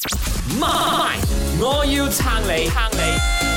媽咪，My. 我要撐你，撐你。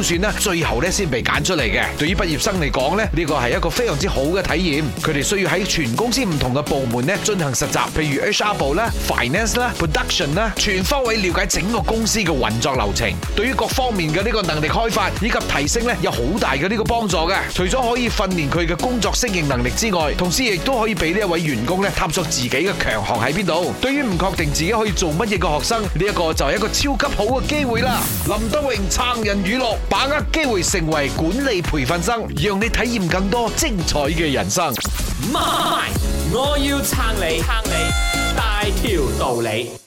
就算咧，最後咧先被揀出嚟嘅，對於畢業生嚟講咧，呢個係一個非常之好嘅體驗。佢哋需要喺全公司唔同嘅部門咧進行實習，譬如 HR 部啦、Finance 啦、Production 啦，全方位了解整個公司嘅運作流程。對於各方面嘅呢個能力開發以及提升咧，有好大嘅呢個幫助嘅。除咗可以訓練佢嘅工作適應能力之外，同時亦都可以俾呢一位員工咧探索自己嘅強項喺邊度。對於唔確定自己可以做乜嘢嘅學生，呢一個就係一個超級好嘅機會啦！林德榮撐人語錄。把握機會成為管理培訓生，讓你體驗更多精彩嘅人生。我要撐你，撐你，大條道理。